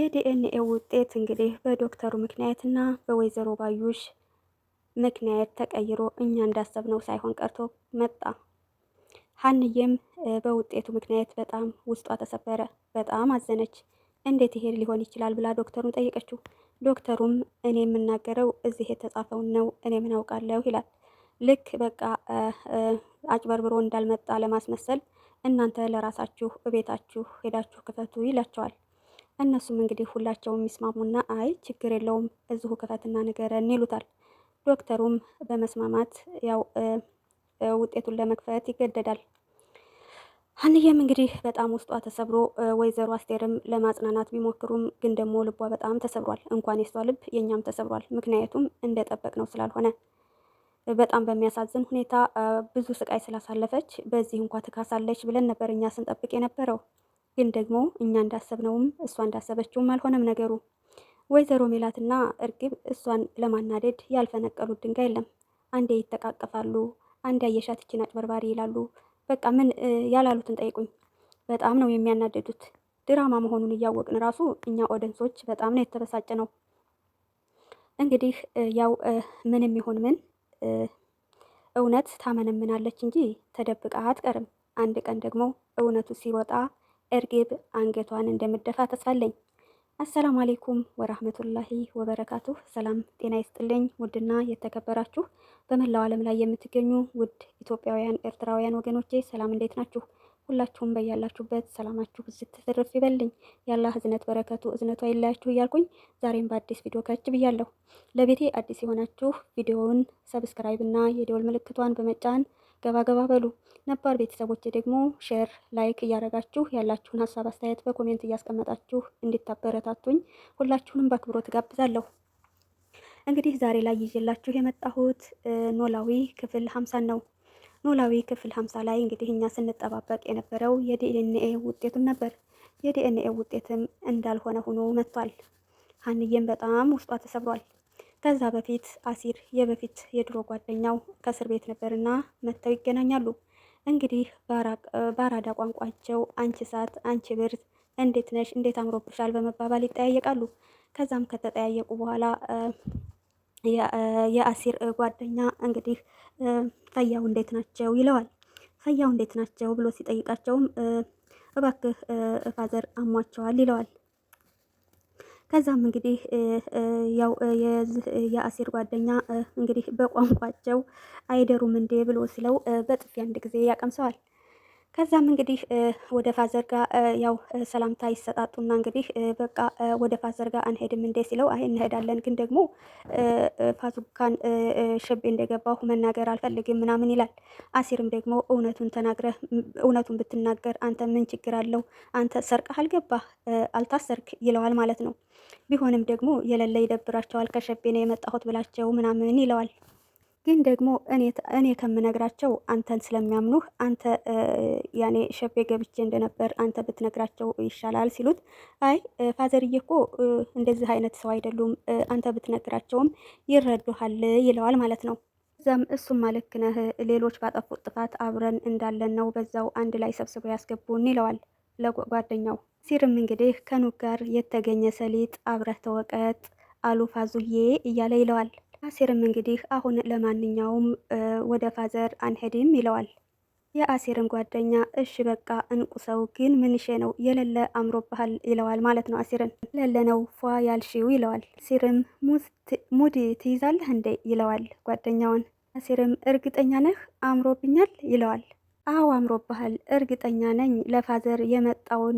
የዲኤንኤ ውጤት እንግዲህ በዶክተሩ ምክንያት እና በወይዘሮ ባዩሽ ምክንያት ተቀይሮ እኛ እንዳሰብነው ሳይሆን ቀርቶ መጣ። ሀንዬም በውጤቱ ምክንያት በጣም ውስጧ ተሰበረ፣ በጣም አዘነች። እንዴት ይሄድ ሊሆን ይችላል ብላ ዶክተሩን ጠየቀችው። ዶክተሩም እኔ የምናገረው እዚህ የተጻፈውን ነው እኔ ምን አውቃለሁ ይላል። ልክ በቃ አጭበርብሮ እንዳልመጣ ለማስመሰል እናንተ ለራሳችሁ እቤታችሁ ሄዳችሁ ክፈቱ ይላቸዋል። እነሱም እንግዲህ ሁላቸውም የሚስማሙና አይ ችግር የለውም እዚሁ ክፈትና ንገረን ይሉታል። ዶክተሩም በመስማማት ያው ውጤቱን ለመክፈት ይገደዳል። አንዬም እንግዲህ በጣም ውስጧ ተሰብሮ ወይዘሮ አስቴርም ለማጽናናት ቢሞክሩም ግን ደግሞ ልቧ በጣም ተሰብሯል። እንኳን የሷ ልብ የእኛም ተሰብሯል። ምክንያቱም እንደጠበቅ ነው ስላልሆነ በጣም በሚያሳዝን ሁኔታ ብዙ ስቃይ ስላሳለፈች በዚህ እንኳ ትካሳለች ብለን ነበር እኛ ስንጠብቅ የነበረው። ግን ደግሞ እኛ እንዳሰብነውም እሷ እንዳሰበችውም አልሆነም ነገሩ። ወይዘሮ ሜላትና እርግብ እሷን ለማናደድ ያልፈነቀሉት ድንጋይ የለም። አንዴ ይተቃቀፋሉ፣ አንዴ አየሻት ይችን አጭበርባሪ ይላሉ። በቃ ምን ያላሉትን ጠይቁኝ። በጣም ነው የሚያናደዱት። ድራማ መሆኑን እያወቅን ራሱ እኛ ኦደንሶች በጣም ነው የተበሳጨ ነው። እንግዲህ ያው ምንም ይሁን ምን እውነት ታመነምናለች እንጂ ተደብቃ አትቀርም። አንድ ቀን ደግሞ እውነቱ ሲወጣ እርግብ አንገቷን እንደምደፋ ተስፋ አሰላሙ አሌይኩም ወራህመቱላሂ ወበረካቱ። ሰላም ጤና ይስጥልኝ። ውድና የተከበራችሁ በመላው ዓለም ላይ የምትገኙ ውድ ኢትዮጵያውያን ኤርትራውያን ወገኖቼ ሰላም እንዴት ናችሁ? ሁላችሁም በያላችሁበት ሰላማችሁ ስትትርፍ ይበልኝ። ያላህ እዝነት በረከቱ እዝነቱ አይለያችሁ እያልኩኝ ዛሬም በአዲስ ቪዲዮ ከች ብያለሁ። ለቤቴ አዲስ የሆናችሁ ቪዲዮውን ሰብስክራይብ እና የደወል ምልክቷን በመጫን ገባ ገባ በሉ። ነባር ቤተሰቦች ደግሞ ሼር፣ ላይክ እያደረጋችሁ ያላችሁን ሀሳብ አስተያየት በኮሜንት እያስቀመጣችሁ እንድታበረታቱኝ ሁላችሁንም በአክብሮት ጋብዛለሁ። እንግዲህ ዛሬ ላይ ይዤላችሁ የመጣሁት ኖላዊ ክፍል ሀምሳን ነው። ኖላዊ ክፍል ሀምሳ ላይ እንግዲህ እኛ ስንጠባበቅ የነበረው የዲኤንኤ ውጤቱን ነበር። የዲኤንኤ ውጤትም እንዳልሆነ ሆኖ መጥቷል። ሀንዬም በጣም ውስጧ ተሰብሯል። ከዛ በፊት አሲር የበፊት የድሮ ጓደኛው ከእስር ቤት ነበርና መጥተው ይገናኛሉ። እንግዲህ በአራዳ ቋንቋቸው አንቺ ሳት፣ አንቺ ብርት፣ እንዴት ነሽ፣ እንዴት አምሮብሻል በመባባል ይጠያየቃሉ። ከዛም ከተጠያየቁ በኋላ የአሲር ጓደኛ እንግዲህ ፈያው እንዴት ናቸው ይለዋል። ፈያው እንዴት ናቸው ብሎ ሲጠይቃቸውም እባክህ ፋዘር አሟቸዋል ይለዋል። ከዛም እንግዲህ ያው የአሴር ጓደኛ እንግዲህ በቋንቋቸው አይደሩም እንዴ ብሎ ሲለው በጥፊ አንድ ጊዜ ያቀምሰዋል። ከዛም እንግዲህ ወደ ፋዘር ያው ሰላምታ ይሰጣጡና እንግዲህ በቃ ወደ ፋዘር አንሄድም እንዴ ሲለው አይ እንሄዳለን፣ ግን ደግሞ ፋቱካን ሽቤ እንደገባሁ መናገር አልፈልግም ምናምን ይላል። አሲርም ደግሞ እውነቱን ተናግረ እውነቱን ብትናገር አንተ ምን ችግር አለው? አንተ ሰርቀህ አልገባህ አልታሰርክ ይለዋል ማለት ነው። ቢሆንም ደግሞ የሌለ ይደብራቸዋል። ከሸቤ ነው የመጣሁት ብላቸው ምናምን ይለዋል። ግን ደግሞ እኔ ከምነግራቸው አንተን ስለሚያምኑህ አንተ ያኔ ሸቤ ገብቼ እንደነበር አንተ ብትነግራቸው ይሻላል ሲሉት፣ አይ ፋዘርዬ እኮ እንደዚህ አይነት ሰው አይደሉም፣ አንተ ብትነግራቸውም ይረዱሃል ይለዋል ማለት ነው። እዛም እሱም ልክ ነህ፣ ሌሎች ባጠፉት ጥፋት አብረን እንዳለን ነው በዛው አንድ ላይ ሰብስበው ያስገቡን ይለዋል ለጓደኛው። ሲርም እንግዲህ ከኑግ ጋር የተገኘ ሰሊጥ አብረህ ተወቀጥ አሉ ፋዙዬ እያለ ይለዋል። አሴርም እንግዲህ አሁን ለማንኛውም ወደ ፋዘር አንሄድም ይለዋል። የአሴርም ጓደኛ እሺ በቃ እንቁ ሰው ግን ምንሼ ነው የሌለ አምሮብሃል ይለዋል ማለት ነው። አሴርን ለለ ነው ፏ ያልሺው ይለዋል። አሴርም ሙድ ትይዛለህ እንዴ ይለዋል ጓደኛውን። አሴርም እርግጠኛ ነህ አምሮብኛል ይለዋል። አዎ አምሮብሃል፣ እርግጠኛ ነኝ። ለፋዘር የመጣውን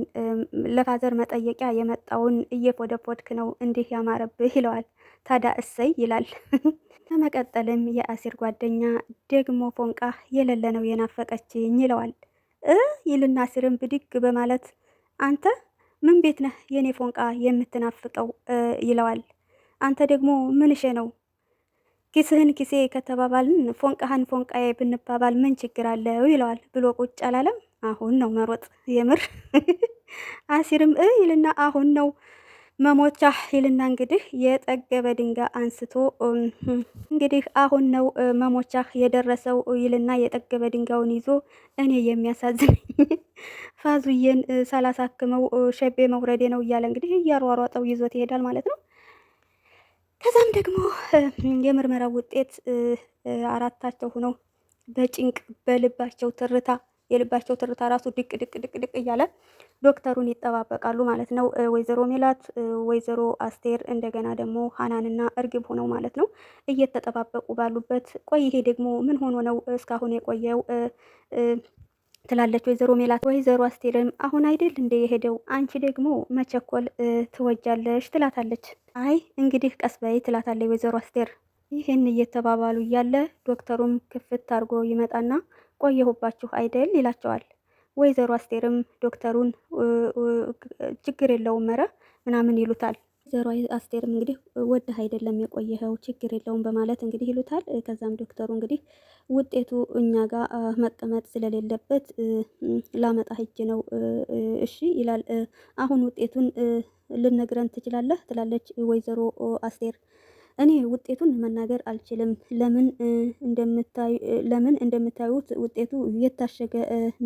ለፋዘር መጠየቂያ የመጣውን እየፎደፎድክ ነው እንዲህ ያማረብህ ይለዋል። ታዳ እሰይ ይላል። በመቀጠልም የአሲር ጓደኛ ደግሞ ፎንቃ የሌለ ነው የናፈቀችኝ ይለዋል እ ይልና አሲርን ብድግ በማለት አንተ ምን ቤት ነህ የእኔ ፎንቃ የምትናፍቀው ይለዋል። አንተ ደግሞ ምንሽ ነው ኪስህን ኪሴ ከተባባልን ፎንቃህን ፎንቃዬ ብንባባል ምን ችግር አለው ይለዋል። ብሎ ቁጭ አላለም። አሁን ነው መሮጥ የምር አሲርም እ ይልና አሁን ነው መሞቻ ይልና እንግዲህ የጠገበ ድንጋይ አንስቶ እንግዲህ አሁን ነው መሞቻህ የደረሰው ይልና የጠገበ ድንጋዩን ይዞ እኔ የሚያሳዝነኝ ፋዙዬን ሳላሳክመው ሸቤ መውረዴ ነው እያለ እንግዲህ እያሯሯጠው ይዞት ይሄዳል ማለት ነው። ከዛም ደግሞ የምርመራ ውጤት አራታቸው ሆነው በጭንቅ በልባቸው ትርታ የልባቸው ትርታ ራሱ ድቅ ድቅ ድቅ ድቅ እያለ ዶክተሩን ይጠባበቃሉ ማለት ነው። ወይዘሮ ሜላት፣ ወይዘሮ አስቴር እንደገና ደግሞ ሀናንና እርግብ ሆነው ማለት ነው እየተጠባበቁ ባሉበት ቆይ ይሄ ደግሞ ምን ሆኖ ነው እስካሁን የቆየው ትላለች ወይዘሮ ሜላት። ወይዘሮ አስቴርም አሁን አይደል እንደ የሄደው አንቺ ደግሞ መቸኮል ትወጃለሽ ትላታለች። አይ እንግዲህ ቀስ በይ ትላታለች ወይዘሮ አስቴር። ይህን እየተባባሉ እያለ ዶክተሩም ክፍት አድርጎ ይመጣና ቆየሁባችሁ አይደል ይላቸዋል። ወይዘሮ አስቴርም ዶክተሩን ችግር የለውም መረ ምናምን ይሉታል። ወይዘሮ አስቴርም እንግዲህ ወደህ አይደለም የቆየኸው ችግር የለውም በማለት እንግዲህ ይሉታል። ከዛም ዶክተሩ እንግዲህ ውጤቱ እኛ ጋር መቀመጥ ስለሌለበት ላመጣ ሂጅ ነው እሺ ይላል። አሁን ውጤቱን ልነግረን ትችላለህ ትላለች ወይዘሮ አስቴር እኔ ውጤቱን መናገር አልችልም። ለምን ለምን እንደምታዩት ውጤቱ የታሸገ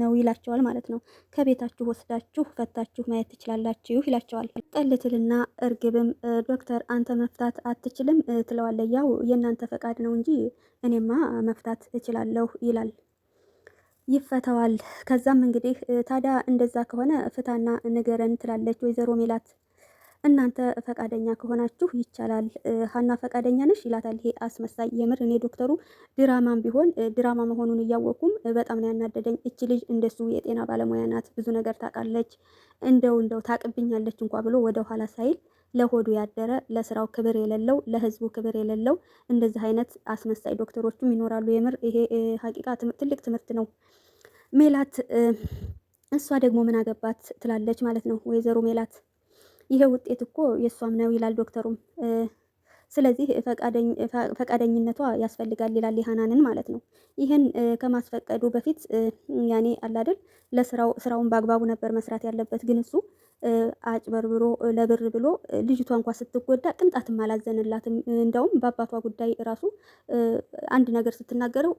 ነው ይላቸዋል ማለት ነው። ከቤታችሁ ወስዳችሁ ፈታችሁ ማየት ትችላላችሁ ይላቸዋል። ጠልትልና እርግብም ዶክተር አንተ መፍታት አትችልም ትለዋለች። ያው የእናንተ ፈቃድ ነው እንጂ እኔማ መፍታት እችላለሁ ይላል። ይፈተዋል። ከዛም እንግዲህ ታዲያ እንደዛ ከሆነ ፍታና ንገረን ትላለች ወይዘሮ ሜላት እናንተ ፈቃደኛ ከሆናችሁ ይቻላል። ሀና ፈቃደኛ ነሽ ይላታል። ይሄ አስመሳይ የምር እኔ ዶክተሩ ድራማም ቢሆን ድራማ መሆኑን እያወቅኩም በጣም ነው ያናደደኝ። እች ልጅ እንደሱ የጤና ባለሙያ ናት፣ ብዙ ነገር ታውቃለች፣ እንደው እንደው ታቅብኛለች እንኳ ብሎ ወደ ኋላ ሳይል ለሆዱ ያደረ ለስራው ክብር የሌለው ለህዝቡ ክብር የሌለው እንደዚህ አይነት አስመሳይ ዶክተሮችም ይኖራሉ። የምር ይሄ ሀቂቃ ትልቅ ትምህርት ነው። ሜላት እሷ ደግሞ ምን አገባት ትላለች ማለት ነው ወይዘሮ ሜላት ይሄ ውጤት እኮ የእሷም ነው ይላል ዶክተሩም። ስለዚህ ፈቃደኝነቷ ያስፈልጋል ይላል የሀናንን ማለት ነው። ይህን ከማስፈቀዱ በፊት ያኔ አላድል ለስራው ስራውን በአግባቡ ነበር መስራት ያለበት ግን እሱ አጭበርብሮ ለብር ብሎ ልጅቷ እንኳ ስትጎዳ ቅንጣትም አላዘንላትም። እንደውም በአባቷ ጉዳይ ራሱ አንድ ነገር ስትናገረው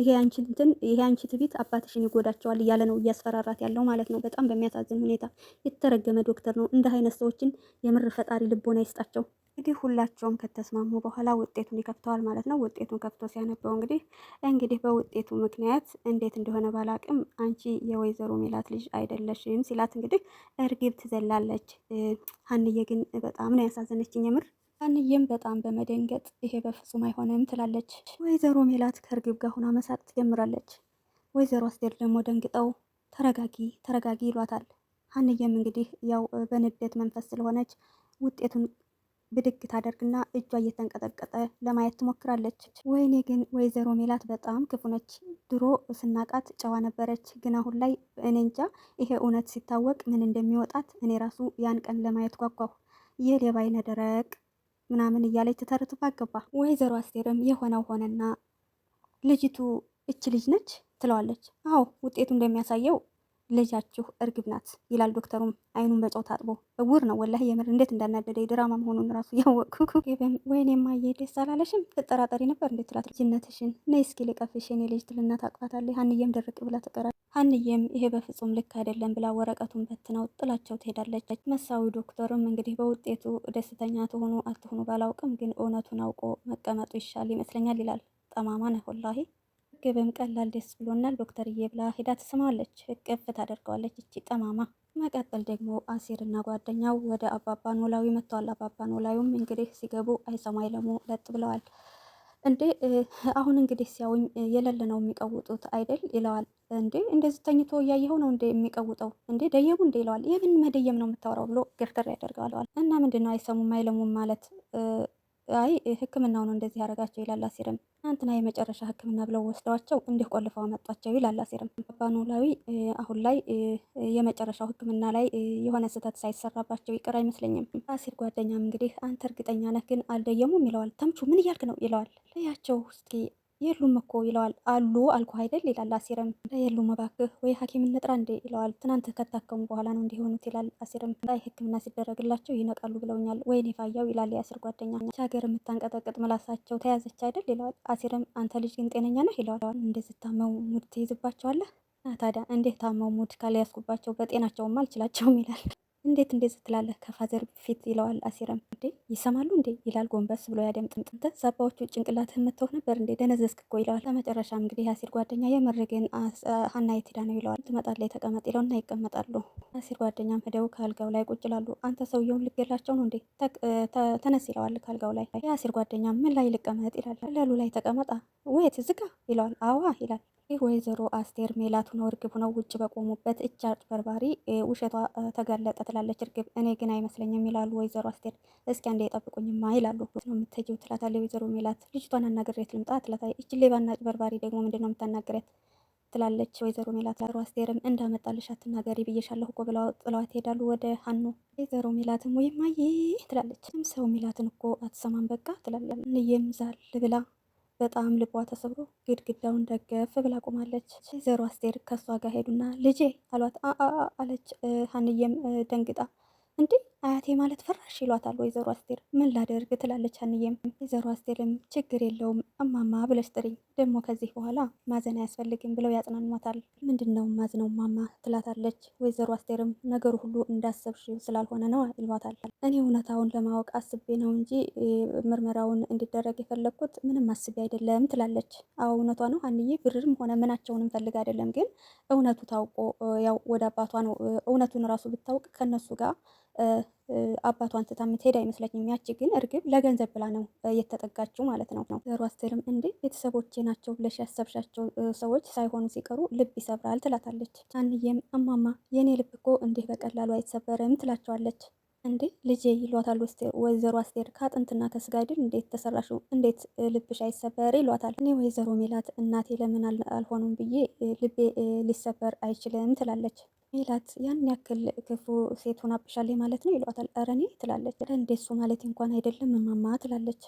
ይሄ አንቺ እንትን ይሄ አንቺ ትቢት አባትሽን ይጎዳቸዋል እያለ ነው እያስፈራራት ያለው ማለት ነው። በጣም በሚያሳዝን ሁኔታ የተረገመ ዶክተር ነው። እንደ አይነት ሰዎችን የምር ፈጣሪ ልቦና ይስጣቸው። እንግዲህ ሁላቸውም ከተስማሙ በኋላ ውጤቱን ይከፍተዋል ማለት ነው። ውጤቱን ከፍቶ ሲያነበው እንግዲህ እንግዲህ በውጤቱ ምክንያት እንዴት እንደሆነ ባላቅም አንቺ የወይዘሮ ሜላት ልጅ አይደለሽም ሲላት እንግዲህ እርግብ ትዘላለች። ሀንዬ ግን በጣም ነው ያሳዘነችኝ የምር አንዬም በጣም በመደንገጥ ይሄ በፍጹም አይሆንም ትላለች። ወይዘሮ ሜላት ከእርግብ ጋር ሁና መሳቅ ትጀምራለች። ወይዘሮ አስቴር ደግሞ ደንግጠው ተረጋጊ ተረጋጊ ይሏታል። አንዬም እንግዲህ ያው በንዴት መንፈስ ስለሆነች ውጤቱን ብድግ ታደርግና እጇ እየተንቀጠቀጠ ለማየት ትሞክራለች። ወይኔ ግን ወይዘሮ ሜላት በጣም ክፉ ነች። ድሮ ስናቃት ጨዋ ነበረች፣ ግን አሁን ላይ እኔ እንጃ ይሄ እውነት ሲታወቅ ምን እንደሚወጣት እኔ ራሱ ያን ቀን ለማየት ጓጓሁ። ይህ አይነ ደረቅ ምናምን እያለች ትተርትባ ገባ። ወይዘሮ አስቴርም የሆነው ሆነና ልጅቱ እች ልጅ ነች ትለዋለች። አዎ ውጤቱ እንደሚያሳየው ልጃችሁ እርግብ ናት ይላል ዶክተሩም አይኑን በጨው ታጥቦ። እውር ነው ወላሂ የምር እንዴት እንዳናደደ ድራማ መሆኑን ራሱ ያወቅኩ። ወይኔ ማዬ ደስ አላለሽም? ትጠራጠሪ ነበር እንዴት ትላት። ልጅነትሽን ነይ እስኪ ልቀፍሽ የኔ ልጅ ትልና ታቅፋታለች። ሀንዬም ደርቅ ብላ ትቀራል። ሀንዬም ይሄ በፍጹም ልክ አይደለም ብላ ወረቀቱን በትነው ጥላቸው ትሄዳለች። መሳዊ ዶክተርም እንግዲህ በውጤቱ ደስተኛ ትሆኑ አትሆኑ ባላውቅም ግን እውነቱን አውቆ መቀመጡ ይሻል ይመስለኛል ይላል። ጠማማ ነህ ወላሂ እርግብም ቀላል ደስ ብሎናል ዶክተርዬ ብላ ሄዳ ትስማዋለች፣ እቅፍ ታደርገዋለች። እቺ ጠማማ። መቀጠል ደግሞ አሴርና ጓደኛው ወደ አባባ ኖላዊ መጥተዋል። አባባ ኖላዊም እንግዲህ ሲገቡ አይሰማ አይለሙ ለጥ ብለዋል። እንዴ አሁን እንግዲህ ሲያውኝ የለለ ነው የሚቀውጡት አይደል ይለዋል። እንዴ እንደዚህ ተኝቶ እያየኸው ነው እንዴ የሚቀውጠው እንዴ ደየሙ እንዴ ይለዋል። የምን መደየም ነው የምታወራው ብሎ ግርግር ያደርገዋል። እና ምንድነው አይሰሙም አይለሙም ማለት አይ ህክምናው ነው እንደዚህ ያደረጋቸው ይላል አሲርም። ትናንትና የመጨረሻ ህክምና ብለው ወስደዋቸው እንዲህ ቆልፈው አመጧቸው ይላል አሲርም። አባኖላዊ አሁን ላይ የመጨረሻው ህክምና ላይ የሆነ ስህተት ሳይሰራባቸው ይቅር አይመስለኝም። አሲር ጓደኛም እንግዲህ አንተ እርግጠኛ ነህ ግን አልደየሙም ይለዋል። ተምቹ ምን እያልክ ነው ይለዋል። ለያቸው እስኪ የሉም እኮ ይለዋል። አሉ አልኩ አይደል ይላል አሲርም። የሉም እባክህ ወይ ሐኪም እንጥራ እንዴ ይለዋል። ትናንት ከታከሙ በኋላ ነው እንዲሆኑት ይላል አሲርም። ላይ ህክምና ሲደረግላቸው ይነቃሉ ብለውኛል። ወይኔ ፋያው ይላል የአሲር ጓደኛ። ሀገር የምታንቀጠቅጥ መላሳቸው ተያዘች አይደል ይለዋል አሲርም። አንተ ልጅ ግን ጤነኛ ነህ ይለዋል። እንደዚህ ታመው ሙድ ትይዝባቸዋለህ ታዲያ እንዴት ታመው ሙድ ካልያዝኩባቸው በጤናቸውም አልችላቸውም ይላል። እንዴት እንዴት ስትላለህ ከፋዘር ፊት ይለዋል። አሲረም እንዴ ይሰማሉ እንዴ ይላል ጎንበስ ብሎ ያደምጥምጥምተ ዛባዎቹ ጭንቅላትህን መተው ነበር እንዴ ደነዘዝክ እኮ ይለዋል። በመጨረሻም እንግዲህ የአሲር ጓደኛ የምርግን ሀና የት ሄዳ ነው ይለዋል። ትመጣለህ የተቀመጥ ይለውና ይቀመጣሉ። አሲር ጓደኛም ሄደው ከአልጋው ላይ ቁጭ ይላሉ። አንተ ሰውየውን ልገላቸው ነው እንዴ ተነስ ይለዋል። ከአልጋው ላይ የአሲር ጓደኛ ምን ላይ ልቀመጥ ይላል። ለሉ ላይ ተቀመጣ ወይት ዝጋ ይለዋል። አዋ ይላል። ይህ ወይዘሮ አስቴር ሜላቱን እርግብ ሆነው ውጭ በቆሙበት እጅ አጭበርባሪ ውሸቷ ተጋለጠ ትላለች እርግብ። እኔ ግን አይመስለኝም ይላሉ ወይዘሮ አስቴር። እስኪ አንዴ የጠብቁኝማ ይላሉ። ነው የምትሄጂው ትላታለች ወይዘሮ ሜላት። ልጅቷን አናግሬት ልምጣ ትላታለች። እች ሌባና አጭበርባሪ ደግሞ ምንድን ነው የምታናግሬት ትላለች ወይዘሮ ሜላት። ሮ አስቴርም እንዳመጣልሽ አትናገሪ ብዬሻለሁ እኮ ብለው ጥለዋት ይሄዳሉ ወደ ሀኑ። ወይዘሮ ሜላትም ወይማዬ ትላለች። ሰው ሜላትን እኮ አትሰማም በቃ ትላለች። ንየምዛል ብላ በጣም ልቧ ተሰብሮ ግድግዳውን ደገፍ ብላ ቆማለች። ወይዘሮ አስቴር ከሷ ጋር ሄዱና ልጄ አሏት። አለች ሀንየም ደንግጣ እንዴ አያቴ ማለት ፍራሽ ይሏታል ወይዘሮ አስቴር። ምን ላደርግ ትላለች አንዬም። ወይዘሮ አስቴርም ችግር የለውም እማማ ብለሽ ጥሪኝ፣ ደግሞ ከዚህ በኋላ ማዘን አያስፈልግም ብለው ያጽናኗታል። ምንድን ነው ማዝነው እማማ ትላታለች። ወይዘሮ አስቴርም ነገሩ ሁሉ እንዳሰብሽው ስላልሆነ ነው ይሏታል። እኔ እውነታውን ለማወቅ አስቤ ነው እንጂ ምርመራውን እንዲደረግ የፈለግኩት ምንም አስቤ አይደለም ትላለች። አዎ እውነቷ ነው አንዬ፣ ብርም ሆነ ምናቸውን እንፈልግ አይደለም፣ ግን እውነቱ ታውቆ ያው ወደ አባቷ ነው እውነቱን ራሱ ብታውቅ ከነሱ ጋር አባቷን ትታ የምትሄድ አይመስለኝም። ያቺ ግን እርግብ ለገንዘብ ብላ ነው የተጠጋችው ማለት ነው ነው ዘሩ አስትልም እንዴ ቤተሰቦቼ ናቸው ብለሽ ያሰብሻቸው ሰዎች ሳይሆኑ ሲቀሩ ልብ ይሰብራል ትላታለች። አንዬም እማማ የእኔ ልብ እኮ እንዲህ በቀላሉ አይሰበርም ትላቸዋለች። እንዴ ልጄ ይሏታል ወይዘሮ አስቴር ከአጥንትና ከስጋ አይደል እንዴት ተሰራሹ እንዴት ልብሽ አይሰበር ይሏታል። እኔ ወይዘሮ ሜላት እናቴ ለምን አልሆኑም ብዬ ልቤ ሊሰበር አይችልም ትላለች። ሜላት ያን ያክል ክፉ ሴት ሆናብሻለች ማለት ነው ይሏታል። ኧረ እኔ ትላለች። እንደሱ ማለት እንኳን አይደለም እማማ ትላለች።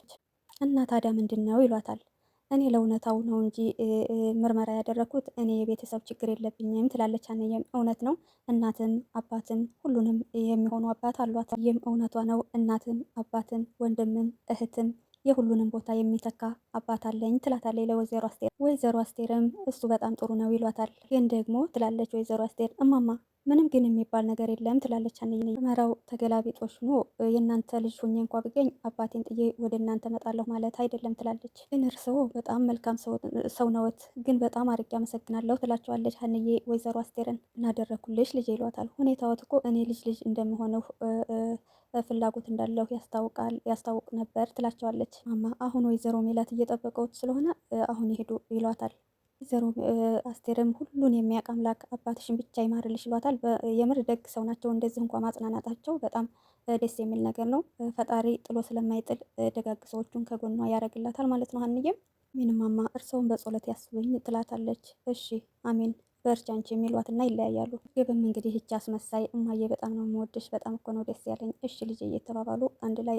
እና ታዲያ ምንድን ነው ይሏታል። እኔ ለእውነታው ነው እንጂ ምርመራ ያደረኩት እኔ የቤተሰብ ችግር የለብኝም ትላለች አንዬም። እውነት ነው እናትም አባትም ሁሉንም የሚሆኑ አባት አሏት። ይህም እውነቷ ነው። እናትም አባትም ወንድምም እህትም የሁሉንም ቦታ የሚተካ አባት አለኝ ትላታለች ለወይዘሮ አስቴር። ወይዘሮ አስቴርም እሱ በጣም ጥሩ ነው ይሏታል። ግን ደግሞ ትላለች ወይዘሮ አስቴር እማማ ምንም ግን የሚባል ነገር የለም ትላለች። አንኝ መራው ተገላቢጦሽ ሆኖ የእናንተ ልጅ ሁኜ እንኳ ብገኝ አባቴን ጥዬ ወደ እናንተ መጣለሁ ማለት አይደለም ትላለች። ግን እርስዎ በጣም መልካም ሰው ነዎት፣ ግን በጣም አርጌ አመሰግናለሁ ትላቸዋለች አንዬ ወይዘሮ አስቴርን። እናደረግኩልሽ ልጅ ይሏታል። ሁኔታዎት እኮ እኔ ልጅ ልጅ እንደምሆነው ፍላጎት እንዳለው ያስታውቃል ያስታውቅ ነበር ትላቸዋለች። ማማ አሁን ወይዘሮ ሜላት እየጠበቀውት ስለሆነ አሁን ይሄዱ ይሏታል። ወይዘሮ አስቴርም ሁሉን የሚያውቅ አምላክ አባትሽን ብቻ ይማርልሽ ይሏታል። የምር ደግ ሰው ናቸው። እንደዚህ እንኳ ማጽናናታቸው በጣም ደስ የሚል ነገር ነው። ፈጣሪ ጥሎ ስለማይጥል ደጋግ ሰዎቹን ከጎኗ ያደርግላታል ማለት ነው። አንዬም ምንም ማማ እርሰውን በጸሎት ያስበኝ ትላታለች። እሺ አሜን በእርጃንች የሚሏት እና ይለያያሉ። ግብም እንግዲህ እጅ አስመሳይ እማዬ በጣም ነው የምወድሽ፣ በጣም እኮ ነው ደስ ያለኝ፣ እሽ ልጅ እየተባባሉ አንድ ላይ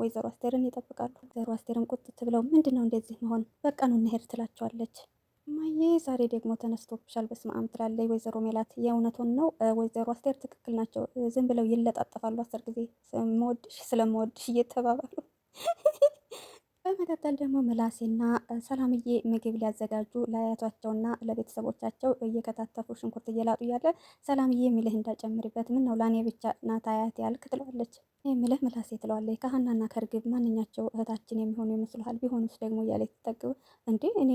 ወይዘሮ አስቴርን ይጠብቃሉ። ወይዘሮ አስቴርን ቁጥት ብለው ምንድን ነው እንደዚህ መሆን፣ በቃ ነው እንሄድ ትላቸዋለች። እማዬ ዛሬ ደግሞ ተነስቶብሻል፣ በስመ አብ ትላለች ወይዘሮ ሜላት። የእውነቱን ነው ወይዘሮ አስቴር ትክክል ናቸው። ዝም ብለው ይለጣጠፋሉ አስር ጊዜ ስለምወድሽ ስለምወድሽ እየተባባሉ በመቀጠል ደግሞ ምላሴና ሰላምዬ ምግብ ሊያዘጋጁ ለአያቷቸውና ለቤተሰቦቻቸው እየከታተፉ ሽንኩርት እየላጡ እያለ ሰላምዬ ሚልህ እንዳጨምርበት ምን ነው ላኔ ብቻ ናት አያት ያልክ ትለዋለች። የምልህ ምላሴ ትለዋለች። ከሀናና ከእርግብ ማንኛቸው እህታችን የሚሆኑ ይመስልሃል? ቢሆኑስ ደግሞ እያለች ትጠግብ እንዴ እኔ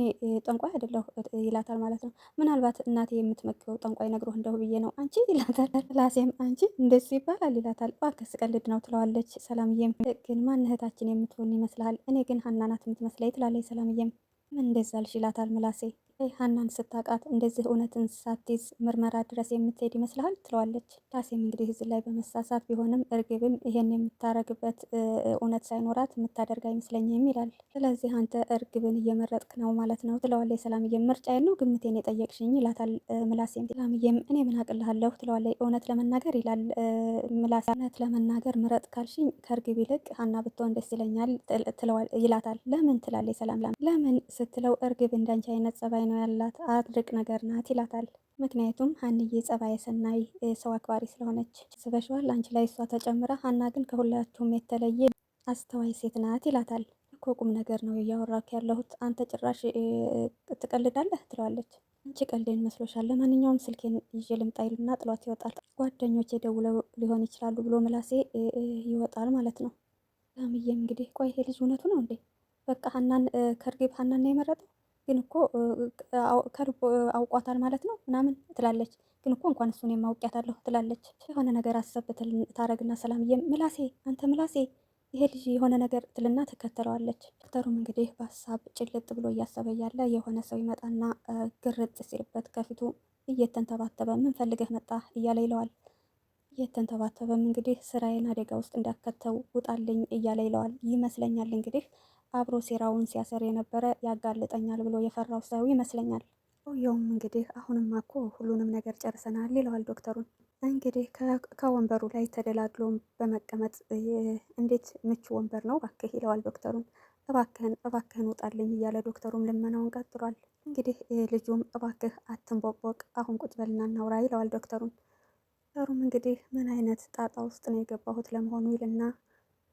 ጠንቋይ አይደለሁ ይላታል ማለት ነው። ምናልባት እናቴ የምትመግበው ጠንቋይ ነግሮህ እንደው ብዬ ነው አንቺ ይላታል። ምላሴም አንቺ እንደሱ ይባላል ይላታል። እባክህ ስቀልድ ነው ትለዋለች። ሰላምዬም ግን ማን እህታችን የምትሆን ይመስልሃል? እኔ ግን ሀና ናት የምትመስለኝ ትላለች። ሰላምዬም ምን እንደዛልሽ ይላታል ምላሴ ሀናን ስታውቃት እንደዚህ እውነትን ሳትይዝ ምርመራ ድረስ የምትሄድ ይመስልሃል? ትለዋለች። ዳሴም እንግዲህ እዚህ ላይ በመሳሳት ቢሆንም እርግብም ይሄን የምታረግበት እውነት ሳይኖራት የምታደርግ አይመስለኝም ይላል። ስለዚህ አንተ እርግብን እየመረጥክ ነው ማለት ነው ትለዋለች። ሰላምዬም ምርጫዬን ነው ግምቴን የጠየቅሽኝ ይላታል ምላሴም። ሰላምዬም እኔ ምን አቅልሃለሁ ትለዋለች። እውነት ለመናገር ይላል ምላሴ፣ እውነት ለመናገር ምረጥ ካልሽኝ ከእርግብ ይልቅ ሀና ብትሆን ደስ ይለኛል ይላታል። ለምን ትላለች ሰላም። ለምን ስትለው እርግብ እንዳንቺ አይነት ጸባይ ነው ያላት፣ አድርቅ ነገር ናት ይላታል። ምክንያቱም ሀንዬ ጸባይ ሰናይ ሰው አክባሪ ስለሆነች ስበሽዋል አንቺ ላይ እሷ ተጨምራ፣ ሀና ግን ከሁላችሁም የተለየ አስተዋይ ሴት ናት ይላታል። እኮ ቁም ነገር ነው እያወራኩ ያለሁት አንተ ጭራሽ ትቀልዳለህ ትለዋለች። አንቺ ቀልዴን መስሎሻል? ለማንኛውም ስልኬን ይዤ ልምጣ ይልና ጥሏት ይወጣል። ጓደኞች ደውለው ሊሆን ይችላሉ ብሎ ምላሴ ይወጣል ማለት ነው። ዳምዬም እንግዲህ ቆይ ልጅ እውነቱ ነው እንዴ? በቃ ሀናን ከእርግብ ሀናን ነው የመረጠው ግን እኮ ከልቦ አውቋታል ማለት ነው ምናምን ትላለች። ግን እኮ እንኳን እሱን የማውቂያታለሁ ትላለች። የሆነ ነገር አሰብ ታረግና ሰላምዬም ምላሴ አንተ ምላሴ ይሄ ልጅ የሆነ ነገር ትልና ትከተለዋለች። ዶክተሩም እንግዲህ በሀሳብ ጭልጥ ብሎ እያሰበ ያለ የሆነ ሰው ይመጣና ግርጥ ሲልበት ከፊቱ እየተንተባተበ ምን ፈልገህ መጣ እያለ ይለዋል። እየተንተባተበም እንግዲህ ስራዬን አደጋ ውስጥ እንዳከተው ውጣልኝ እያለ ይለዋል ይመስለኛል እንግዲህ አብሮ ሴራውን ሲያሰር የነበረ ያጋልጠኛል ብሎ የፈራው ሰው ይመስለኛል። ሰውየውም እንግዲህ አሁንማ እኮ ሁሉንም ነገር ጨርሰናል ይለዋል ዶክተሩን። እንግዲህ ከወንበሩ ላይ ተደላድሎ በመቀመጥ እንዴት ምቹ ወንበር ነው እባክህ ይለዋል ዶክተሩን። እባክህን እባክህን ውጣልኝ እያለ ዶክተሩም ልመናውን ቀጥሏል። እንግዲህ ልጁም እባክህ አትንቦቅቦቅ፣ አሁን ቁጭ በልና እናውራ ይለዋል ዶክተሩን። ዶክተሩም እንግዲህ ምን አይነት ጣጣ ውስጥ ነው የገባሁት ለመሆኑ ይልና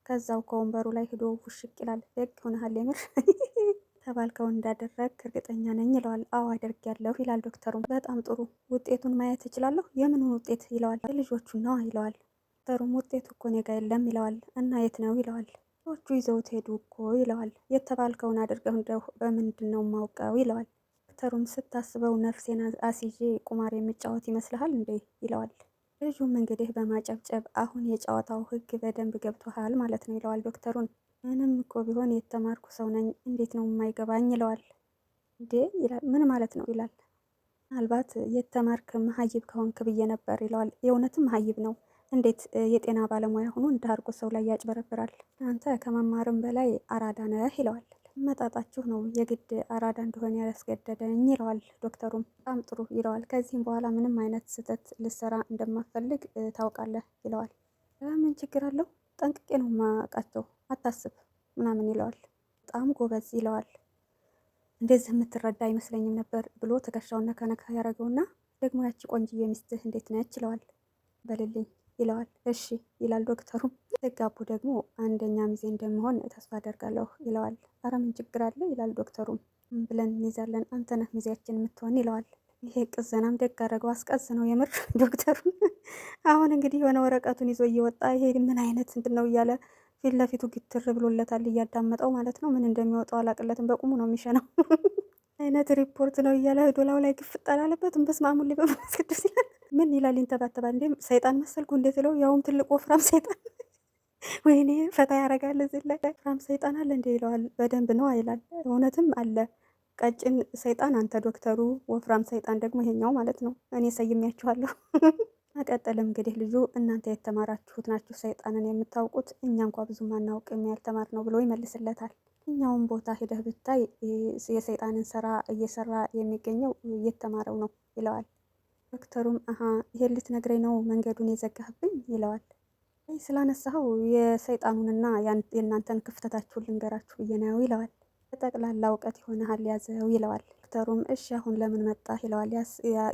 ከዛው ከወንበሩ ላይ ሂዶ ውሽቅ ይላል። ደግ ሆነሃል የምር ተባልከው እንዳደረግ እርግጠኛ ነኝ ይለዋል። አዎ አደርግ ያለሁ ይላል ዶክተሩ። በጣም ጥሩ ውጤቱን ማየት እችላለሁ? የምኑን ውጤት ይለዋል። ልጆቹ ነዋ ይለዋል። ዶክተሩም ውጤቱ እኮ እኔ ጋ የለም ይለዋል። እና የት ነው ይለዋል። ሰዎቹ ይዘውት ሄዱ እኮ ይለዋል። የተባልከውን አድርገው እንደው በምንድን ነው ማውቀው ይለዋል። ዶክተሩም ስታስበው ነፍሴን አስይዤ ቁማር የሚጫወት ይመስልሃል እንዴ ይለዋል። ልጁም እንግዲህ በማጨብጨብ አሁን የጨዋታው ህግ በደንብ ገብቶሃል ማለት ነው ይለዋል ዶክተሩን። ምንም እኮ ቢሆን የተማርኩ ሰው ነኝ እንዴት ነው የማይገባኝ ይለዋል። እንዴ ይላል ምን ማለት ነው ይላል። ምናልባት የተማርክ መሀይብ ከሆንክ ብዬ ነበር ይለዋል። የእውነትም መሀይብ ነው። እንዴት የጤና ባለሙያ ሆኖ እንደ ሰው ላይ ያጭበረብራል? አንተ ከመማርም በላይ አራዳ ነህ ይለዋል። መጣጣችሁ ነው የግድ አራዳ እንደሆነ ያስገደደኝ ይለዋል። ዶክተሩም በጣም ጥሩ ይለዋል። ከዚህም በኋላ ምንም አይነት ስህተት ልሰራ እንደማፈልግ ታውቃለህ ይለዋል። ምን ችግር አለው? ጠንቅቄ ነው ማውቃቸው፣ አታስብ ምናምን ይለዋል። በጣም ጎበዝ ይለዋል። እንደዚህ የምትረዳ አይመስለኝም ነበር ብሎ ትከሻውን ነካ ነካ ያደረገውና ደግሞ ያቺ ቆንጅዬ ሚስትህ እንዴት ነች ይለዋል። በልልኝ ይለዋል። እሺ ይላል ዶክተሩ። ሲጋቡ ደግሞ አንደኛ ሚዜ እንደሚሆን ተስፋ አደርጋለሁ ይለዋል። አረ ምን ችግር አለ ይላል ዶክተሩ። ብለን እንይዛለን አንተ ነህ ሚዜያችን የምትሆን ይለዋል። ይሄ ቅዘናም ደግ አደረገው። አስቀዝ ነው የምር ዶክተሩ። አሁን እንግዲህ የሆነ ወረቀቱን ይዞ እየወጣ ይሄ ምን አይነት እንትን ነው እያለ ፊት ለፊቱ ግትር ብሎለታል እያዳመጠው ማለት ነው። ምን እንደሚወጣው አላቅለትም። በቁሙ ነው የሚሸነው አይነት ሪፖርት ነው እያለ ዶላው ላይ ግፍጥ አላለበትም። በስመ አብ ወወልድ ወመንፈስ ቅዱስ ይላል። ምን ይላል ይንተባተባል። እንዴ ሰይጣን መሰልኩ እንዴት ለው ያውም ትልቅ ወፍራም ሰይጣን ወይኔ ፈታ ያደርጋል። እዚህ ላይ ወፍራም ሰይጣን አለ እንዴ ይለዋል። በደንብ ነው ይላል። እውነትም አለ። ቀጭን ሰይጣን አንተ ዶክተሩ፣ ወፍራም ሰይጣን ደግሞ ይሄኛው ማለት ነው። እኔ ሰይሜያችኋለሁ። አቀጠለም እንግዲህ ልጁ እናንተ የተማራችሁት ናችሁ ሰይጣንን የምታውቁት እኛ እንኳ ብዙ አናውቅም ያልተማር ነው ብሎ ይመልስለታል። እኛውም ቦታ ሂደህ ብታይ የሰይጣንን ስራ እየሰራ የሚገኘው እየተማረው ነው ይለዋል። ዶክተሩም አሀ ይሄን ልትነግረኝ ነው መንገዱን የዘጋህብኝ ይለዋል። ስላነሳኸው የሰይጣኑንና የእናንተን ክፍተታችሁን ልንገራችሁ ብዬ ነው ይለዋል። በጠቅላላ እውቀት ይሆንሃል ያዘው ይለዋል። ዶክተሩም እሺ አሁን ለምን መጣህ ይለዋል።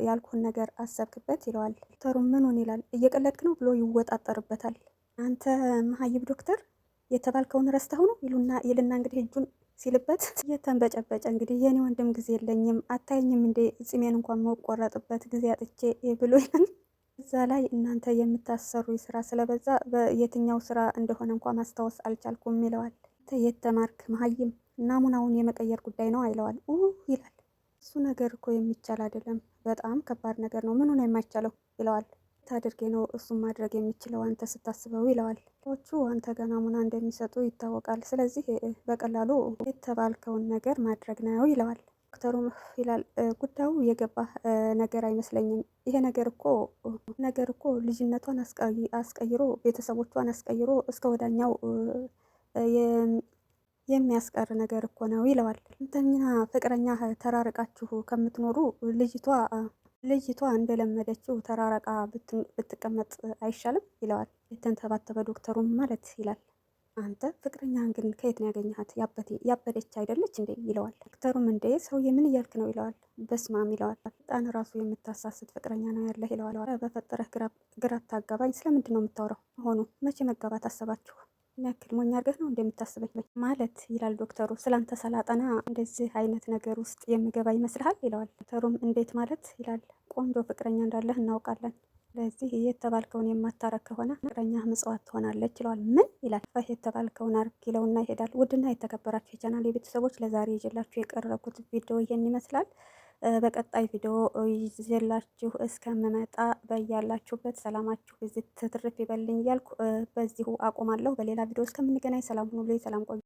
ያልኩን ነገር አሰብክበት ይለዋል። ዶክተሩም ምኑን ይላል። እየቀለድክ ነው ብሎ ይወጣጠርበታል። አንተ መሀይብ ዶክተር የተባልከውን ረስተኸው ነው ይሉና ይልና እንግዲህ እጁን ሲልበት እየተንበጨበጨ እንግዲህ የኔ ወንድም ጊዜ የለኝም አታይኝም እንዴ ጽሜን እንኳን መቆረጥበት ጊዜ አጥቼ ብሎ እዛ ላይ እናንተ የምታሰሩ ስራ ስለበዛ የትኛው ስራ እንደሆነ እንኳ ማስታወስ አልቻልኩም ይለዋል። የተማርክ መሀይም ናሙናውን የመቀየር ጉዳይ ነው አይለዋል ይላል። እሱ ነገር እኮ የሚቻል አይደለም፣ በጣም ከባድ ነገር ነው። ምኑ ነው የማይቻለው ይለዋል። ታድርጌ ነው እሱም ማድረግ የሚችለው አንተ ስታስበው ይለዋል። ዎቹ አንተ ገና ሙና እንደሚሰጡ ይታወቃል። ስለዚህ በቀላሉ የተባልከውን ነገር ማድረግ ነው ይለዋል። ዶክተሩ ይላል ጉዳዩ የገባ ነገር አይመስለኝም። ይሄ ነገር እኮ ነገር እኮ ልጅነቷን አስቀይሮ ቤተሰቦቿን አስቀይሮ እስከ ወዳኛው የሚያስቀር ነገር እኮ ነው ይለዋል። እንተኛ ፍቅረኛ ተራርቃችሁ ከምትኖሩ ልጅቷ ልጅቷ እንደለመደችው ተራራቃ ብትቀመጥ አይሻልም ይለዋል የተንተባተበ ዶክተሩም ማለት ይላል። አንተ ፍቅረኛህን ግን ከየት ነው ያገኘሃት? ያበደች አይደለች እንዴ ይለዋል። ዶክተሩም እንዴ ሰውዬ ምን እያልክ ነው ይለዋል። በስማም ይለዋል። ጣን ራሱ የምታሳስት ፍቅረኛ ነው ያለህ ይለዋል። በፈጠረህ ግራ አጋባኝ ስለምንድን ነው የምታወራው? ሆኖ መቼ መጋባት አሰባችሁ? ያክል ሞኝ አድርገህ ነው እንደምታስበኝ ማለት ይላል ዶክተሩ። ስላንተ ሳላጠና እንደዚህ አይነት ነገር ውስጥ የምገባ ይመስልሃል? ይለዋል ዶክተሩም። እንዴት ማለት ይላል። ቆንጆ ፍቅረኛ እንዳለህ እናውቃለን። ለዚህ የተባልከውን የማታረግ ከሆነ ፍቅረኛህ ምጽዋት ትሆናለች ይለዋል። ምን ይላል። ፋህ የተባልከውን አርግ ይለውና ይሄዳል። ውድና የተከበራችሁ የቻናል የቤተሰቦች ለዛሬ ይዤላችሁ የቀረብኩት ቪዲዮ ይህን ይመስላል። በቀጣይ ቪዲዮ ይዤላችሁ እስከምመጣ በያላችሁበት ሰላማችሁ ብዝት ትርፍ ይበልኝ እያልኩ በዚሁ አቆማለሁ። በሌላ ቪዲዮ እስከምንገናኝ ሰላም ሁኑ። ሰላም ቆዩ።